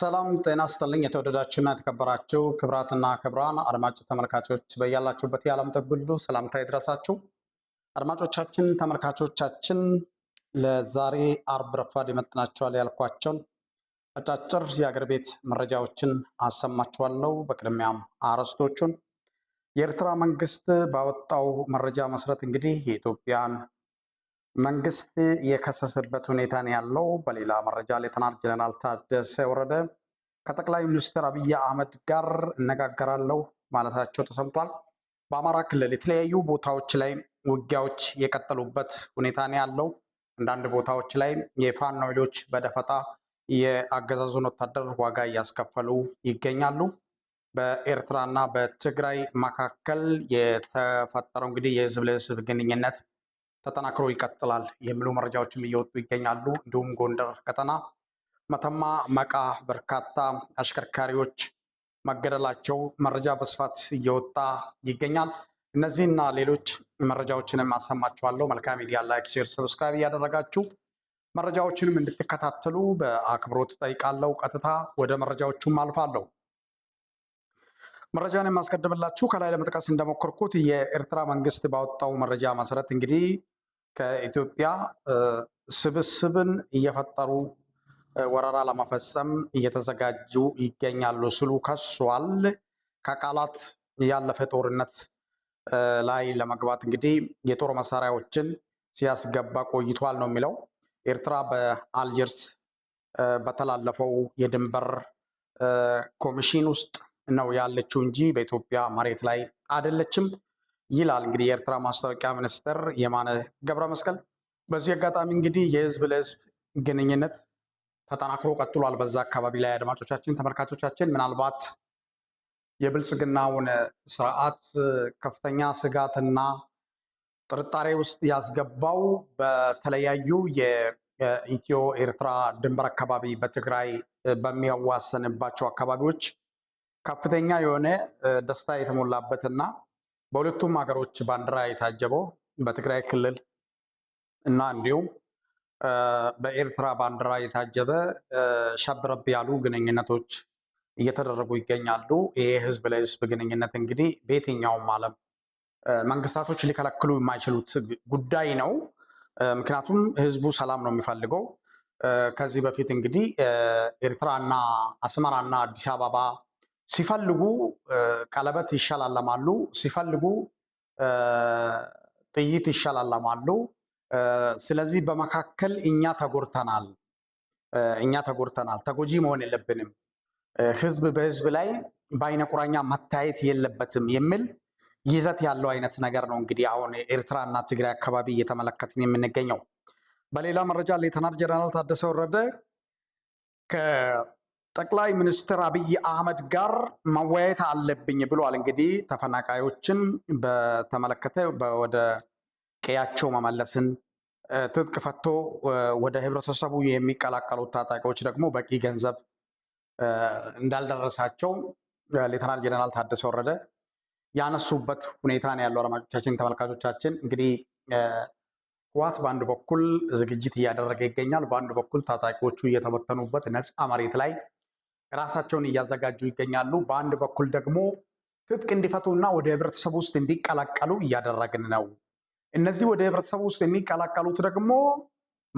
ሰላም ጤና ስጥልኝ። የተወደዳችሁና የተከበራችሁ ክብራትና ክብራን አድማጭ ተመልካቾች በያላችሁበት የዓለም ጥግ ሁሉ ሰላምታ ይድረሳችሁ። አድማጮቻችን፣ ተመልካቾቻችን ለዛሬ አርብ ረፋድ ይመጥናቸዋል ያልኳቸውን አጫጭር የአገር ቤት መረጃዎችን አሰማችኋለሁ። በቅድሚያም አርዕስቶቹን የኤርትራ መንግስት ባወጣው መረጃ መሰረት እንግዲህ የኢትዮጵያን መንግስት የከሰሰበት ሁኔታ ነው ያለው። በሌላ መረጃ ሌተናል ጀነራል ታደሰ ወረደ ከጠቅላይ ሚኒስትር አብይ አህመድ ጋር እነጋገራለሁ ማለታቸው ተሰምቷል። በአማራ ክልል የተለያዩ ቦታዎች ላይ ውጊያዎች የቀጠሉበት ሁኔታ ነው ያለው። አንዳንድ ቦታዎች ላይ የፋኖ ኃይሎች በደፈጣ የአገዛዙን ወታደር ዋጋ እያስከፈሉ ይገኛሉ። በኤርትራና በትግራይ መካከል የተፈጠረው እንግዲህ የህዝብ ለህዝብ ግንኙነት ተጠናክሮ ይቀጥላል የሚሉ መረጃዎችም እየወጡ ይገኛሉ። እንዲሁም ጎንደር ከተና መተማ መቃ በርካታ አሽከርካሪዎች መገደላቸው መረጃ በስፋት እየወጣ ይገኛል። እነዚህና ሌሎች መረጃዎችንም አሰማችኋለሁ። መልካም ሚዲያ ላይክ፣ ሼር፣ ሰብስክራይብ እያደረጋችሁ መረጃዎችንም እንድትከታተሉ በአክብሮት ጠይቃለሁ። ቀጥታ ወደ መረጃዎቹም አልፋለሁ። መረጃን የማስቀድምላችሁ ከላይ ለመጥቀስ እንደሞከርኩት የኤርትራ መንግስት ባወጣው መረጃ መሰረት እንግዲህ ከኢትዮጵያ ስብስብን እየፈጠሩ ወረራ ለመፈጸም እየተዘጋጁ ይገኛሉ ስሉ ከሷል። ከቃላት ያለፈ ጦርነት ላይ ለመግባት እንግዲህ የጦር መሳሪያዎችን ሲያስገባ ቆይቷል ነው የሚለው። ኤርትራ በአልጀርስ በተላለፈው የድንበር ኮሚሽን ውስጥ ነው ያለችው እንጂ በኢትዮጵያ መሬት ላይ አይደለችም። ይላል እንግዲህ የኤርትራ ማስታወቂያ ሚኒስትር የማነ ገብረ መስቀል። በዚህ አጋጣሚ እንግዲህ የህዝብ ለህዝብ ግንኙነት ተጠናክሮ ቀጥሏል በዛ አካባቢ ላይ። አድማጮቻችን፣ ተመልካቾቻችን ምናልባት የብልጽግናውን ስርዓት ከፍተኛ ስጋትና ጥርጣሬ ውስጥ ያስገባው በተለያዩ የኢትዮ ኤርትራ ድንበር አካባቢ በትግራይ በሚያዋሰንባቸው አካባቢዎች ከፍተኛ የሆነ ደስታ የተሞላበትና በሁለቱም ሀገሮች ባንዲራ የታጀበው በትግራይ ክልል እና እንዲሁም በኤርትራ ባንዲራ የታጀበ ሸብረብ ያሉ ግንኙነቶች እየተደረጉ ይገኛሉ። ይሄ ህዝብ ለህዝብ ግንኙነት እንግዲህ በየትኛውም ዓለም መንግስታቶች ሊከለክሉ የማይችሉት ጉዳይ ነው። ምክንያቱም ህዝቡ ሰላም ነው የሚፈልገው። ከዚህ በፊት እንግዲህ ኤርትራና አስመራና አዲስ አበባ ሲፈልጉ ቀለበት ይሻላለማሉ፣ ሲፈልጉ ጥይት ይሻላለማሉ። ስለዚህ በመካከል እኛ ተጎድተናል፣ እኛ ተጎድተናል። ተጎጂ መሆን የለብንም፣ ህዝብ በህዝብ ላይ በአይነ ቁራኛ መታየት የለበትም የሚል ይዘት ያለው አይነት ነገር ነው። እንግዲህ አሁን ኤርትራ እና ትግራይ አካባቢ እየተመለከትን የምንገኘው። በሌላ መረጃ ሌተናንት ጀነራል ታደሰ ወረደ ጠቅላይ ሚኒስትር አብይ አህመድ ጋር መወያየት አለብኝ ብሏል። እንግዲህ ተፈናቃዮችን በተመለከተ ወደ ቀያቸው መመለስን ትጥቅ ፈቶ ወደ ህብረተሰቡ የሚቀላቀሉት ታጣቂዎች ደግሞ በቂ ገንዘብ እንዳልደረሳቸው ሌተናል ጀነራል ታደሰ ወረደ ያነሱበት ሁኔታ ነው ያለው። አድማጮቻችን፣ ተመልካቾቻችን እንግዲህ ህወሓት በአንድ በኩል ዝግጅት እያደረገ ይገኛል። በአንድ በኩል ታጣቂዎቹ እየተበተኑበት ነፃ መሬት ላይ ራሳቸውን እያዘጋጁ ይገኛሉ። በአንድ በኩል ደግሞ ትጥቅ እንዲፈቱና ወደ ህብረተሰቡ ውስጥ እንዲቀላቀሉ እያደረግን ነው። እነዚህ ወደ ህብረተሰቡ ውስጥ የሚቀላቀሉት ደግሞ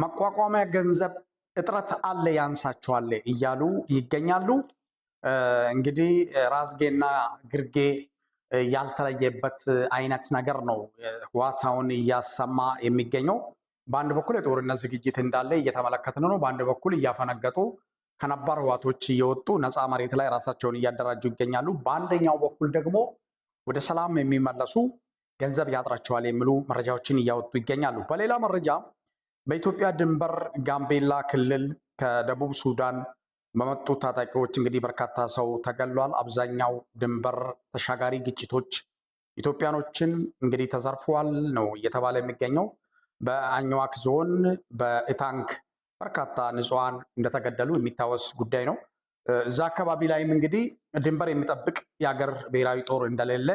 መቋቋሚያ ገንዘብ እጥረት አለ ያንሳቸዋል እያሉ ይገኛሉ። እንግዲህ ራስጌና ግርጌ ያልተለየበት አይነት ነገር ነው ህዋታውን እያሰማ የሚገኘው። በአንድ በኩል የጦርነት ዝግጅት እንዳለ እየተመለከትን ነው። በአንድ በኩል እያፈነገጡ ከነባር ህዋቶች እየወጡ ነፃ መሬት ላይ ራሳቸውን እያደራጁ ይገኛሉ። በአንደኛው በኩል ደግሞ ወደ ሰላም የሚመለሱ ገንዘብ ያጥራቸዋል የሚሉ መረጃዎችን እያወጡ ይገኛሉ። በሌላ መረጃ በኢትዮጵያ ድንበር ጋምቤላ ክልል ከደቡብ ሱዳን በመጡ ታጣቂዎች እንግዲህ በርካታ ሰው ተገሏል። አብዛኛው ድንበር ተሻጋሪ ግጭቶች ኢትዮጵያኖችን እንግዲህ ተዘርፈዋል ነው እየተባለ የሚገኘው። በአኝዋክ ዞን በኢታንክ በርካታ ንጹሐን እንደተገደሉ የሚታወስ ጉዳይ ነው። እዛ አካባቢ ላይም እንግዲህ ድንበር የሚጠብቅ የሀገር ብሔራዊ ጦር እንደሌለ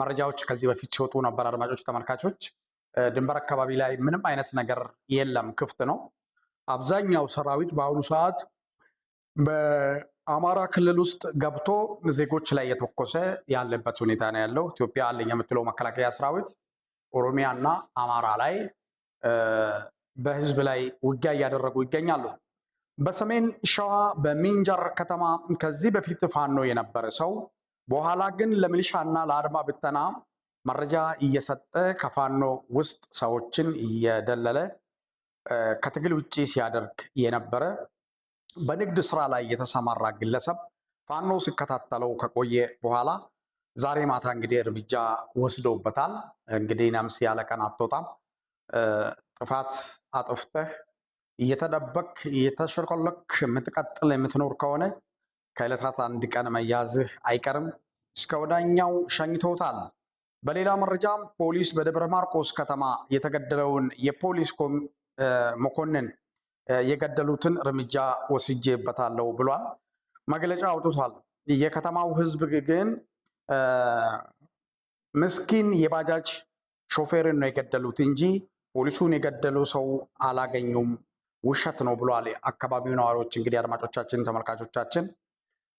መረጃዎች ከዚህ በፊት ሲወጡ ነበር። አድማጮች፣ ተመልካቾች ድንበር አካባቢ ላይ ምንም አይነት ነገር የለም፣ ክፍት ነው። አብዛኛው ሰራዊት በአሁኑ ሰዓት በአማራ ክልል ውስጥ ገብቶ ዜጎች ላይ እየተኮሰ ያለበት ሁኔታ ነው ያለው። ኢትዮጵያ አለኝ የምትለው መከላከያ ሰራዊት ኦሮሚያ እና አማራ ላይ በህዝብ ላይ ውጊያ እያደረጉ ይገኛሉ። በሰሜን ሸዋ በሚንጀር ከተማ ከዚህ በፊት ፋኖ የነበረ ሰው በኋላ ግን ለሚሊሻና ለአድማ ብተና መረጃ እየሰጠ ከፋኖ ውስጥ ሰዎችን እየደለለ ከትግል ውጭ ሲያደርግ የነበረ በንግድ ስራ ላይ የተሰማራ ግለሰብ ፋኖ ሲከታተለው ከቆየ በኋላ ዛሬ ማታ እንግዲህ እርምጃ ወስዶበታል። እንግዲህ ነፍስ ያለ ቀን አትወጣም። ጥፋት አጥፍተህ እየተደበክ እየተሸርቆለክ የምትቀጥል የምትኖር ከሆነ ከዕለታት አንድ ቀን መያዝህ አይቀርም። እስከ ወዳኛው ሸኝቶታል። በሌላ መረጃም ፖሊስ በደብረ ማርቆስ ከተማ የተገደለውን የፖሊስ መኮንን የገደሉትን እርምጃ ወስጄበታለሁ ብሏል። መግለጫ አውጥቷል። የከተማው ህዝብ ግን ምስኪን የባጃጅ ሾፌርን ነው የገደሉት እንጂ ፖሊሱን የገደሉ ሰው አላገኙም፣ ውሸት ነው ብሏል አካባቢው ነዋሪዎች። እንግዲህ አድማጮቻችን፣ ተመልካቾቻችን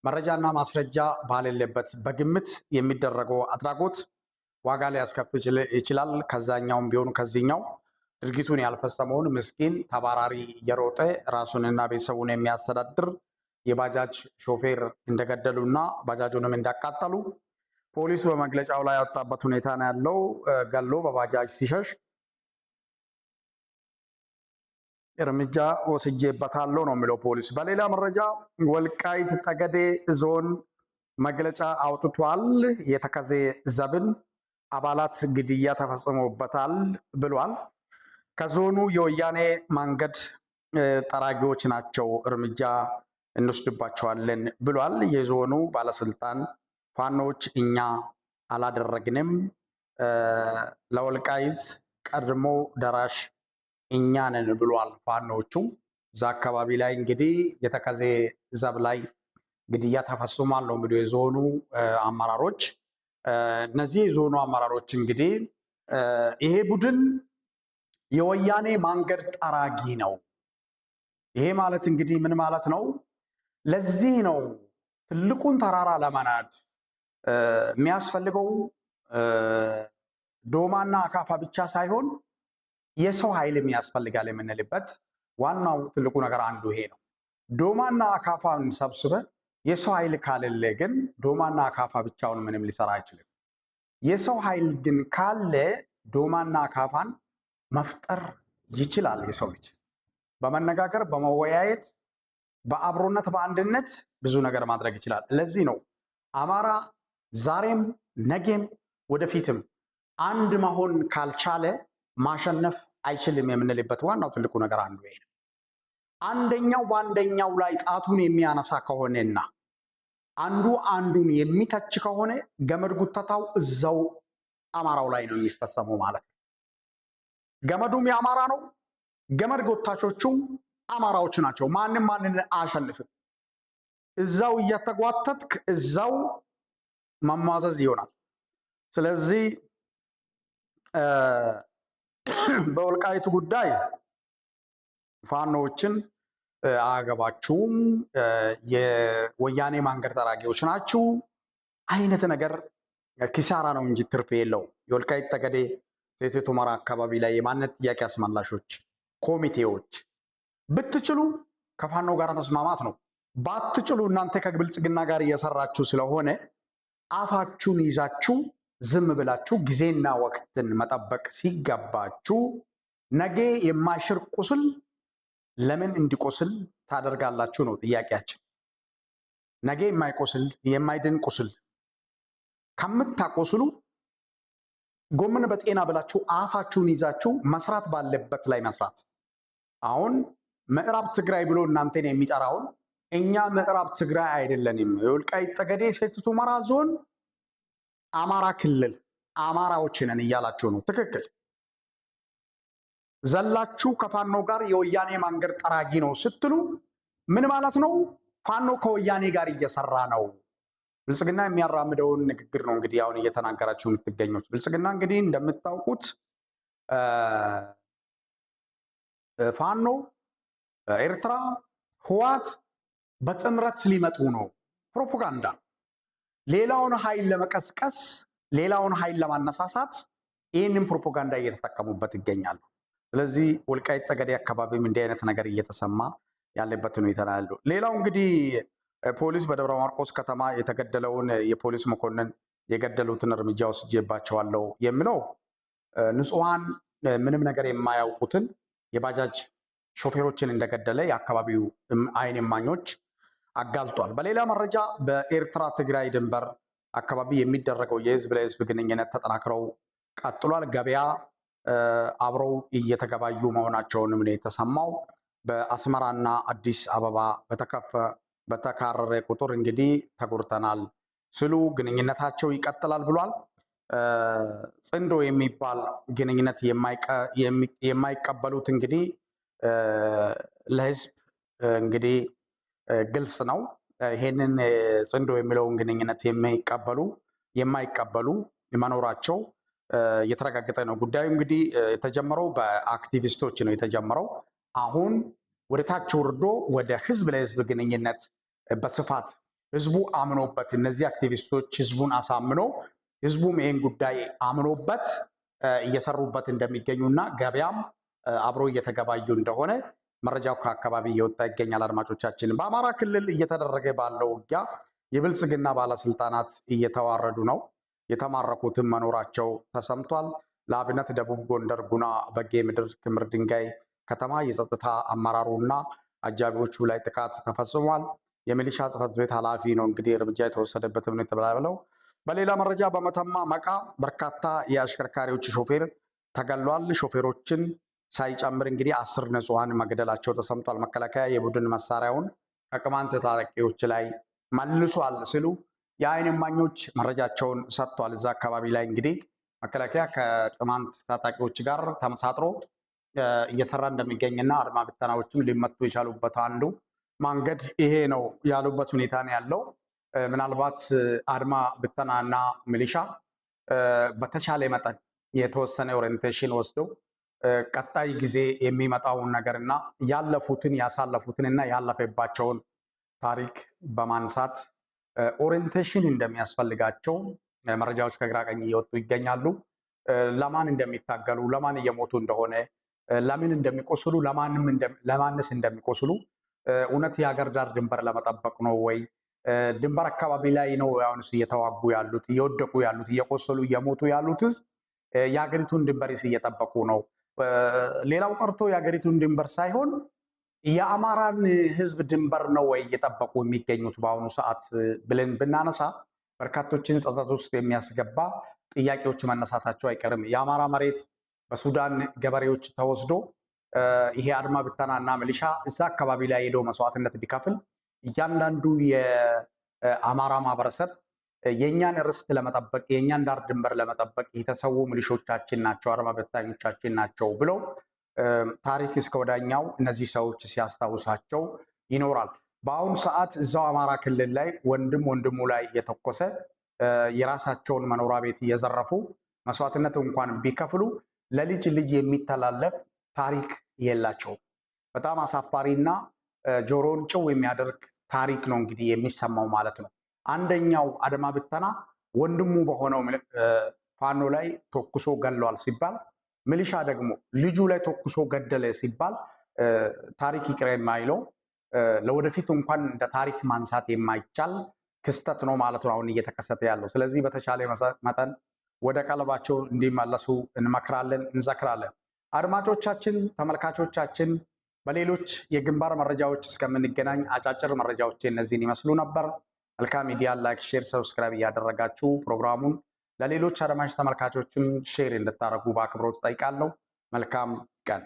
መረጃና ማስረጃ ባሌለበት በግምት የሚደረገው አድራጎት ዋጋ ሊያስከፍል ይችላል። ከዛኛውም ቢሆን ከዚህኛው ድርጊቱን ያልፈጸመውን ምስኪን ተባራሪ እየሮጠ ራሱንና ቤተሰቡን የሚያስተዳድር የባጃጅ ሾፌር እንደገደሉና ባጃጁንም እንዳቃጠሉ ፖሊስ በመግለጫው ላይ ያወጣበት ሁኔታ ነው ያለው። ገሎ በባጃጅ ሲሸሽ እርምጃ ወስጄበታለሁ ነው የሚለው ፖሊስ። በሌላ መረጃ ወልቃይት ጠገዴ ዞን መግለጫ አውጥቷል። የተከዜ ዘብን አባላት ግድያ ተፈጽሞበታል ብሏል። ከዞኑ የወያኔ መንገድ ጠራጊዎች ናቸው እርምጃ እንወስድባቸዋለን ብሏል። የዞኑ ባለስልጣን ፋኖች እኛ አላደረግንም፣ ለወልቃይት ቀድሞ ደራሽ እኛ ነን ብሏል። ፋኖቹ እዛ አካባቢ ላይ እንግዲህ የተከዜ ዘብ ላይ ግድያ ተፈጽሟል ነው እንግዲህ የዞኑ አመራሮች። እነዚህ የዞኑ አመራሮች እንግዲህ ይሄ ቡድን የወያኔ ማንገድ ጠራጊ ነው። ይሄ ማለት እንግዲህ ምን ማለት ነው? ለዚህ ነው ትልቁን ተራራ ለመናድ የሚያስፈልገው ዶማና አካፋ ብቻ ሳይሆን የሰው ኃይልም ያስፈልጋል የምንልበት ዋናው ትልቁ ነገር አንዱ ይሄ ነው። ዶማና አካፋን ሰብስበ የሰው ኃይል ካለለ ግን ዶማና አካፋ ብቻውን ምንም ሊሰራ አይችልም። የሰው ኃይል ግን ካለ ዶማና አካፋን መፍጠር ይችላል። የሰው ልጅ በመነጋገር በመወያየት፣ በአብሮነት፣ በአንድነት ብዙ ነገር ማድረግ ይችላል። ለዚህ ነው አማራ ዛሬም ነገም ወደፊትም አንድ መሆን ካልቻለ ማሸነፍ አይችልም የምንልበት ዋናው ትልቁ ነገር አንዱ ይሄ ነው። አንደኛው በአንደኛው ላይ ጣቱን የሚያነሳ ከሆነና አንዱ አንዱን የሚተች ከሆነ ገመድ ጉተታው እዛው አማራው ላይ ነው የሚፈጸመው ማለት ነው። ገመዱም የአማራ ነው፣ ገመድ ጎታቾቹም አማራዎች ናቸው። ማንም ማንን አያሸንፍም። እዛው እያተጓተትክ እዛው መሟዘዝ ይሆናል። ስለዚህ በወልቃይቱ ጉዳይ ፋኖዎችን አያገባችሁም፣ የወያኔ ማንገድ ጠራጊዎች ናችሁ አይነት ነገር ኪሳራ ነው እንጂ ትርፍ የለው። የወልቃይት ጠገዴ ሴቴት ሁመራ አካባቢ ላይ የማንነት ጥያቄ አስመላሾች ኮሚቴዎች ብትችሉ ከፋኖ ጋር መስማማት ነው። ባትችሉ እናንተ ከብልጽግና ጋር እየሰራችሁ ስለሆነ አፋችሁን ይዛችሁ ዝም ብላችሁ ጊዜና ወቅትን መጠበቅ ሲገባችሁ ነገ የማይሽር ቁስል ለምን እንዲቆስል ታደርጋላችሁ ነው ጥያቄያችን። ነገ የማይቆስል የማይድን ቁስል ከምታቆስሉ ጎመን በጤና ብላችሁ አፋችሁን ይዛችሁ መስራት ባለበት ላይ መስራት። አሁን ምዕራብ ትግራይ ብሎ እናንተን የሚጠራውን እኛ ምዕራብ ትግራይ አይደለንም፣ የወልቃይት ጠገዴ ሰቲት ሁመራ ዞን አማራ ክልል አማራዎች ነን እያላችሁ ነው። ትክክል ዘላችሁ ከፋኖ ጋር የወያኔ ማንገድ ጠራጊ ነው ስትሉ ምን ማለት ነው? ፋኖ ከወያኔ ጋር እየሰራ ነው። ብልጽግና የሚያራምደውን ንግግር ነው እንግዲህ አሁን እየተናገራችሁ የምትገኙት። ብልጽግና እንግዲህ እንደምታውቁት ፋኖ፣ ኤርትራ፣ ህዋት በጥምረት ሊመጡ ነው። ፕሮፓጋንዳ ሌላውን ኃይል ለመቀስቀስ ሌላውን ኃይል ለማነሳሳት ይህንን ፕሮፓጋንዳ እየተጠቀሙበት ይገኛሉ። ስለዚህ ወልቃይት ጠገዴ አካባቢም እንዲህ አይነት ነገር እየተሰማ ያለበት ሁኔታ ያሉ። ሌላው እንግዲህ ፖሊስ በደብረ ማርቆስ ከተማ የተገደለውን የፖሊስ መኮንን የገደሉትን እርምጃ ወስጄባቸዋለሁ የሚለው ንጹሐን ምንም ነገር የማያውቁትን የባጃጅ ሾፌሮችን እንደገደለ የአካባቢው አይን እማኞች አጋልጧል። በሌላ መረጃ በኤርትራ ትግራይ ድንበር አካባቢ የሚደረገው የህዝብ ለህዝብ ግንኙነት ተጠናክረው ቀጥሏል። ገበያ አብረው እየተገባዩ መሆናቸውንም ነው የተሰማው። በአስመራና አዲስ አበባ በተካረረ ቁጥር እንግዲህ ተጎድተናል ስሉ ግንኙነታቸው ይቀጥላል ብሏል። ጽንዶ የሚባል ግንኙነት የማይቀበሉት እንግዲህ ለህዝብ እንግዲህ ግልጽ ነው። ይሄንን ጽንዶ የሚለውን ግንኙነት የሚቀበሉ የማይቀበሉ መኖራቸው የተረጋገጠ ነው። ጉዳዩ እንግዲህ የተጀመረው በአክቲቪስቶች ነው የተጀመረው። አሁን ወደ ታች ወርዶ ወደ ህዝብ ለህዝብ ግንኙነት በስፋት ህዝቡ አምኖበት እነዚህ አክቲቪስቶች ህዝቡን አሳምኖ ህዝቡም ይህን ጉዳይ አምኖበት እየሰሩበት እንደሚገኙ እና ገበያም አብሮ እየተገባዩ እንደሆነ መረጃው ከአካባቢ እየወጣ ይገኛል። አድማጮቻችን፣ በአማራ ክልል እየተደረገ ባለው ውጊያ የብልጽግና ባለስልጣናት እየተዋረዱ ነው። የተማረኩትም መኖራቸው ተሰምቷል። ለአብነት ደቡብ ጎንደር ጉና በጌ ምድር ክምር ድንጋይ ከተማ የጸጥታ አመራሩ እና አጃቢዎቹ ላይ ጥቃት ተፈጽሟል። የሚሊሻ ጽህፈት ቤት ኃላፊ ነው እንግዲህ እርምጃ የተወሰደበትም ነው የተባለው። በሌላ መረጃ በመተማ መቃ በርካታ የአሽከርካሪዎች ሾፌር ተገሏል። ሾፌሮችን ሳይጨምር እንግዲህ አስር ንጹሐን መግደላቸው ተሰምቷል። መከላከያ የቡድን መሳሪያውን ከቅማንት ታጣቂዎች ላይ መልሷል ሲሉ የአይን እማኞች መረጃቸውን ሰጥቷል። እዛ አካባቢ ላይ እንግዲህ መከላከያ ከቅማንት ታጣቂዎች ጋር ተመሳጥሮ እየሰራ እንደሚገኝና አድማ ብተናዎችም ሊመቱ የቻሉበት አንዱ መንገድ ይሄ ነው ያሉበት ሁኔታ ነው ያለው። ምናልባት አድማ ብተና ና ሚሊሻ በተቻለ መጠን የተወሰነ ኦሪንቴሽን ወስደው ቀጣይ ጊዜ የሚመጣውን ነገር ያለፉትን ያሳለፉትን እና ያለፈባቸውን ታሪክ በማንሳት ኦሪንቴሽን እንደሚያስፈልጋቸው መረጃዎች ከግራ ቀኝ እየወጡ ይገኛሉ። ለማን እንደሚታገሉ፣ ለማን እየሞቱ እንደሆነ፣ ለምን እንደሚቆስሉ፣ ለማንስ እንደሚቆስሉ እውነት የሀገር ዳር ድንበር ለመጠበቅ ነው ወይ? ድንበር አካባቢ ላይ ነው አሁንስ እየተዋጉ ያሉት፣ እየወደቁ ያሉት፣ እየቆሰሉ እየሞቱ ያሉትስ የሀገሪቱን ድንበርስ እየጠበቁ ነው? ሌላው ቀርቶ የሀገሪቱን ድንበር ሳይሆን የአማራን ህዝብ ድንበር ነው ወይ እየጠበቁ የሚገኙት በአሁኑ ሰዓት ብለን ብናነሳ በርካቶችን ጸጥታ ውስጥ የሚያስገባ ጥያቄዎች መነሳታቸው አይቀርም። የአማራ መሬት በሱዳን ገበሬዎች ተወስዶ ይሄ አድማ ብተና እና ሚሊሻ እዛ አካባቢ ላይ ሄደው መስዋዕትነት ቢከፍል እያንዳንዱ የአማራ ማህበረሰብ የእኛን ርስት ለመጠበቅ የእኛን ዳር ድንበር ለመጠበቅ የተሰዉ ሚሊሾቻችን ናቸው፣ አድማ በታኞቻችን ናቸው ብሎ ታሪክ እስከ ወዳኛው እነዚህ ሰዎች ሲያስታውሳቸው ይኖራል። በአሁኑ ሰዓት እዛው አማራ ክልል ላይ ወንድም ወንድሙ ላይ የተኮሰ የራሳቸውን መኖሪያ ቤት እየዘረፉ መስዋዕትነት እንኳን ቢከፍሉ ለልጅ ልጅ የሚተላለፍ ታሪክ የላቸውም። በጣም አሳፋሪና ጆሮን ጭው የሚያደርግ ታሪክ ነው እንግዲህ የሚሰማው ማለት ነው። አንደኛው አድማ ብተና ወንድሙ በሆነው ፋኖ ላይ ተኩሶ ገሏል ሲባል፣ ሚሊሻ ደግሞ ልጁ ላይ ተኩሶ ገደለ ሲባል ታሪክ ይቅር የማይለው ለወደፊት እንኳን እንደ ታሪክ ማንሳት የማይቻል ክስተት ነው ማለት ነው አሁን እየተከሰተ ያለው። ስለዚህ በተቻለ መጠን ወደ ቀለባቸው እንዲመለሱ እንመክራለን፣ እንዘክራለን። አድማጮቻችን፣ ተመልካቾቻችን በሌሎች የግንባር መረጃዎች እስከምንገናኝ አጫጭር መረጃዎች እነዚህን ይመስሉ ነበር። መልካም ሚዲያ ላይክ፣ ሼር፣ ሰብስክራይብ እያደረጋችሁ ፕሮግራሙን ለሌሎች አድማጭ ተመልካቾችም ሼር እንድታደርጉ በአክብሮት ጠይቃለሁ። መልካም ቀን